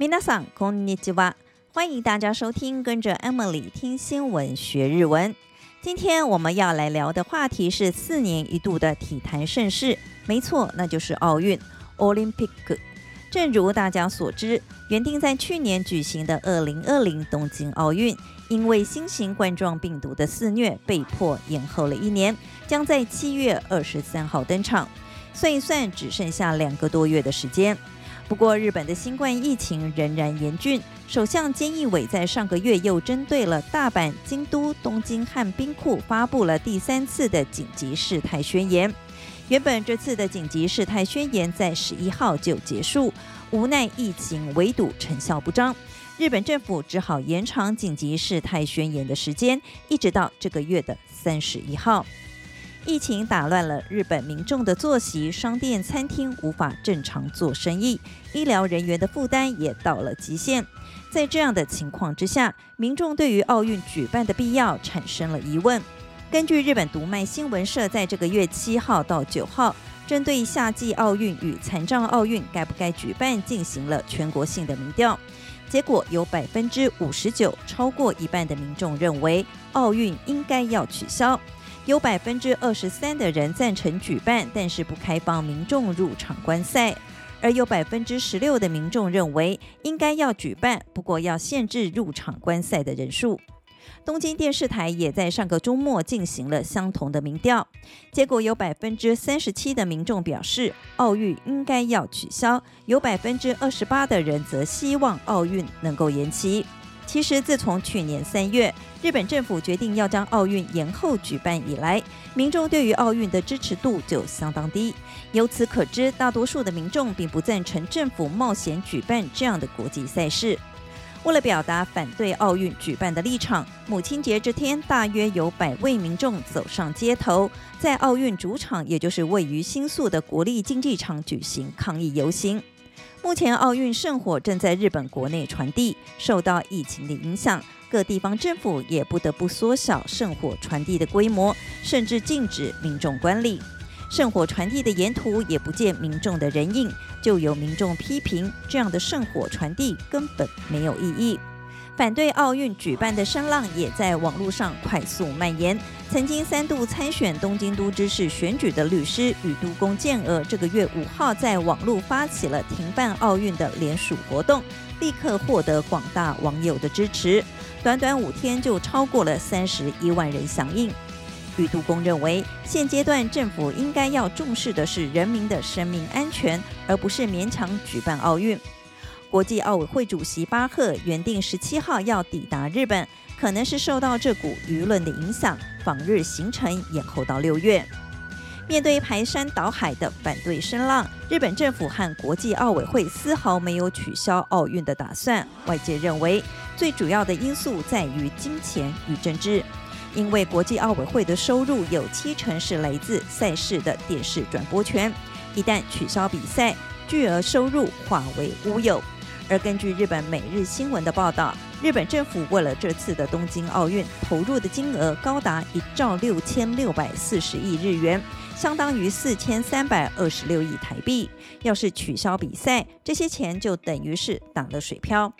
皆さんこんにちは。歡迎大家收聽，跟着 Emily 聽新聞學日文。今天我們要來聊的話題是四年一度的體壇盛事，沒錯，那就是奧運 （Olympic）。正如大家所知，原定在去年舉行的2020東京奧運，因為新型冠狀病毒的肆虐，被迫延後了一年，將在七月二十三號登場。算一算，只剩下兩個多月的時間。不過，日本的新冠疫情仍然嚴峻。首相菅義偉在上個月又針對了大阪、京都、東京和兵庫發布了第三次的緊急事態宣言。原本這次的緊急事態宣言在十一號就結束，無奈疫情圍堵成效不彰，日本政府只好延長緊急事態宣言的時間，一直到這個月的三十一號。疫情打亂了日本民眾的作息，商店、餐廳無法正常做生意，醫療人員的負擔也到了極限。在這樣的情況之下，民眾對於奧運舉辦的必要產生了疑問。根據日本讀賣新聞社在這個月七號到九號，針對夏季奧運與殘障奧運該不該舉辦進行了全國性的民調，結果有百分之五十九，超過一半的民眾認為奧運應該要取消。有百分之二十三的人贊成舉辦，但是不開放民眾入場觀賽；而有百分之十六的民眾認為應該要舉辦，不過要限制入場觀賽的人數。東京電視台也在上個周末進行了相同的民調，結果有百分之三十七的民眾表示奧運應該要取消，有百分之二十八的人則希望奧運能夠延期。其實，自從去年三月日本政府決定要將奧運延後舉辦以來，民眾對於奧運的支持度就相當低。由此可知，大多數的民眾並不贊成政府冒險舉辦這樣的國際賽事。為了表達反對奧運舉辦的立場，母親節這天，大約有百位民眾走上街頭，在奧運主場，也就是位於新宿的國立競技場舉行抗議遊行。目前奧運聖火正在日本國內傳遞，受到疫情的影響，各地方政府也不得不縮小聖火傳遞的規模，甚至禁止民眾觀禮。聖火傳遞的沿途也不見民眾的人影，就有民眾批評這樣的聖火傳遞根本沒有意義。反對奧運舉辦的聲浪也在網絡上快速蔓延。曾經三度參選東京都知事選舉的律師宇都宮健兒，這個月五號在網絡發起了停辦奧運的聯署活動，立刻獲得廣大網友的支持。短短五天就超過了三十一萬人響應。宇都宮認為，現階段政府應該要重視的是人民的生命安全，而不是勉強舉辦奧運。國際奧委會主席巴赫原定十七號要抵達日本，可能是受到這股輿論的影響，訪日行程延後到六月。面對排山倒海的反對聲浪，日本政府和國際奧委會絲毫沒有取消奧運的打算。外界認為，最主要的因素在於金錢與政治，因為國際奧委會的收入有七成是來自賽事的電視轉播權，一旦取消比賽，巨額收入化為烏有。而根據日本《每日新聞》的報道，日本政府為了這次的東京奧運投入的金額高達一兆六千六百四十億日元，相當於四千三百二十六億台幣。要是取消比賽，這些錢就等於是打了水漂。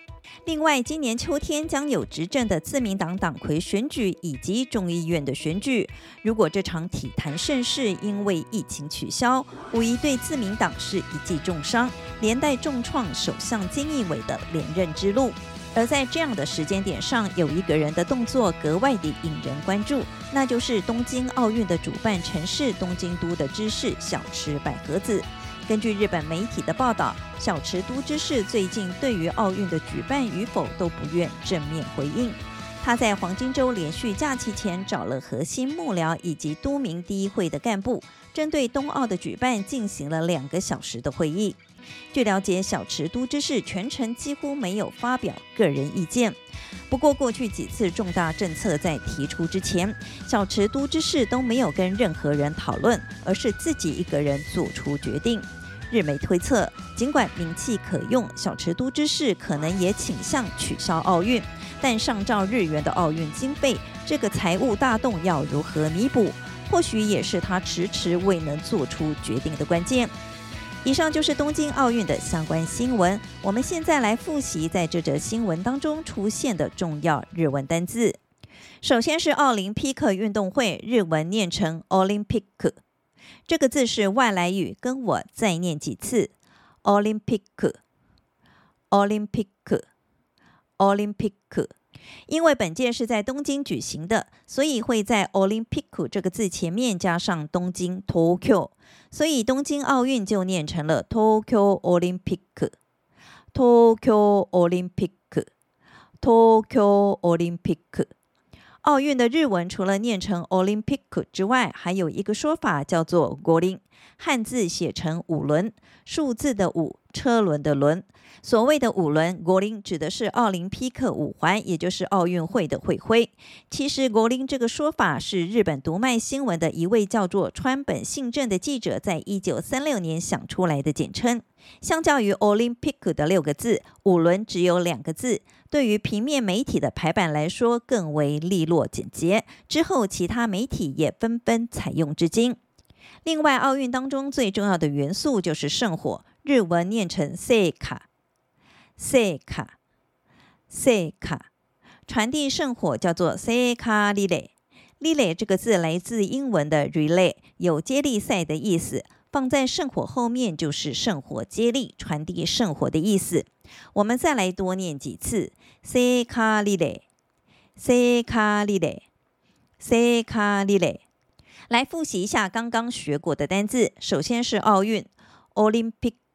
另外，今年秋天將有執政的自民黨黨魁選舉以及眾議院的選舉。如果這場體壇盛事因為疫情取消，無疑對自民黨是一記重傷，連帶重創首相菅義偉的連任之路。而在這樣的時間點上，有一個人的動作格外的引人關注，那就是東京奧運的主辦城市東京都的知事小池百合子。根據日本媒體的報道，小池都知事最近對於奧運的舉辦與否都不願正面回應。他在黃金周連續假期前找了核心幕僚以及都民第一會的幹部，針對東奧的舉辦進行了兩個小時的會議。據了解，小池都知事全程幾乎沒有發表個人意見。不過，過去幾次重大政策在提出之前，小池都知事都沒有跟任何人討論，而是自己一個人做出決定。日媒推測，儘管名氣可用，小池都知事可能也傾向取消奧運，但上兆日元的奧運經費，這個財務大洞要如何彌補，或許也是他遲遲未能做出決定的關鍵。以上就是東京奧運的相關新聞。我們現在來複習在這則新聞當中出現的重要日文單字。首先是奧林匹克運動會，日文念成 “Olympic”。這個字是外來語，跟我再念幾次：“Olympic，Olympic，Olympic。Olympic, ” Olympic, Olympic. 因為本屆是在東京舉行的，所以會在 Olympic 這個字前面加上東京 Tokyo，所以東京奧運就念成了 Tokyo Olympic。Tokyo Olympic。Tokyo Olympic。奧運的日文除了念成 Olympic 之外，還有一個說法叫做五輪，漢字寫成五輪，數字的五。車輪的輪，所謂的五輪國林指的是奧林匹克五環，也就是奧運會的會徽。其實“國林”這個說法是日本讀賣新聞的一位叫做川本信正的記者在一九三六年想出來的簡稱。相較於 “Olympic” 的六個字，“五輪”只有兩個字，對於平面媒體的排版來說更為利落簡潔。之後，其他媒體也紛紛採用至今。另外，奧運當中最重要的元素就是聖火。日文念成 “seka seka seka”，傳遞聖火叫做 “seka relay”。“relay” 這個字來自英文的 “relay”，有接力賽的意思。放在聖火後面，就是聖火接力、傳遞聖火的意思。我們再來多念幾次 “seka relay seka relay seka relay”。來複習一下剛剛學過的單字，首先是奧運 “Olympic”。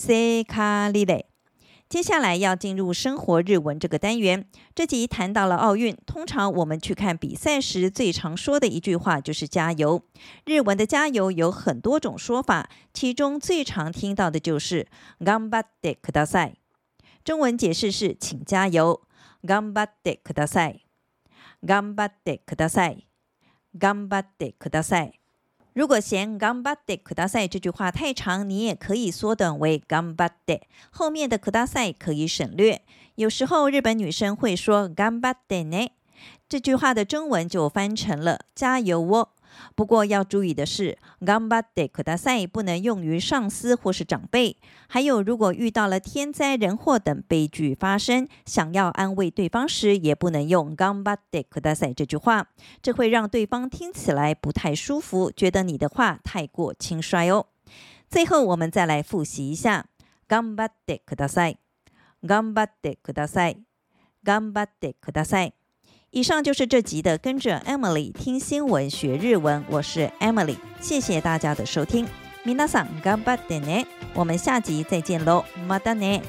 C 卡里雷，接下來要進入生活日文這個單元。這集談到了奧運，通常我們去看比賽時最常說的一句話就是“加油”。日文的“加油”有很多種說法，其中最常聽到的就是頑張ってください。中文解釋是“請加油”。頑張ってください。頑張ってください。頑張ってください。如果嫌“頑張ってください”這句話太長，你也可以縮短為“頑張って”，後面的ください可以省略。有時候日本女生會說“頑張ってね”。這句話的中文就翻成了“加油哦”。不過要注意的是，gambatte kudasai 不能用於上司或是長輩。還有，如果遇到了天災人禍等悲劇發生，想要安慰對方時，也不能用 gambatte kudasai 這句話，這會讓對方聽起來不太舒服，覺得你的話太過輕率哦。最後，我們再來複習一下 gambatte kudasai，gambatte kudasai，gambatte kudasai。以上就是這集的，跟着 Emily 聽新聞學日文，我是 Emily，謝謝大家的收聽，皆さん、頑張ってね，我們下集再見嘍，またね！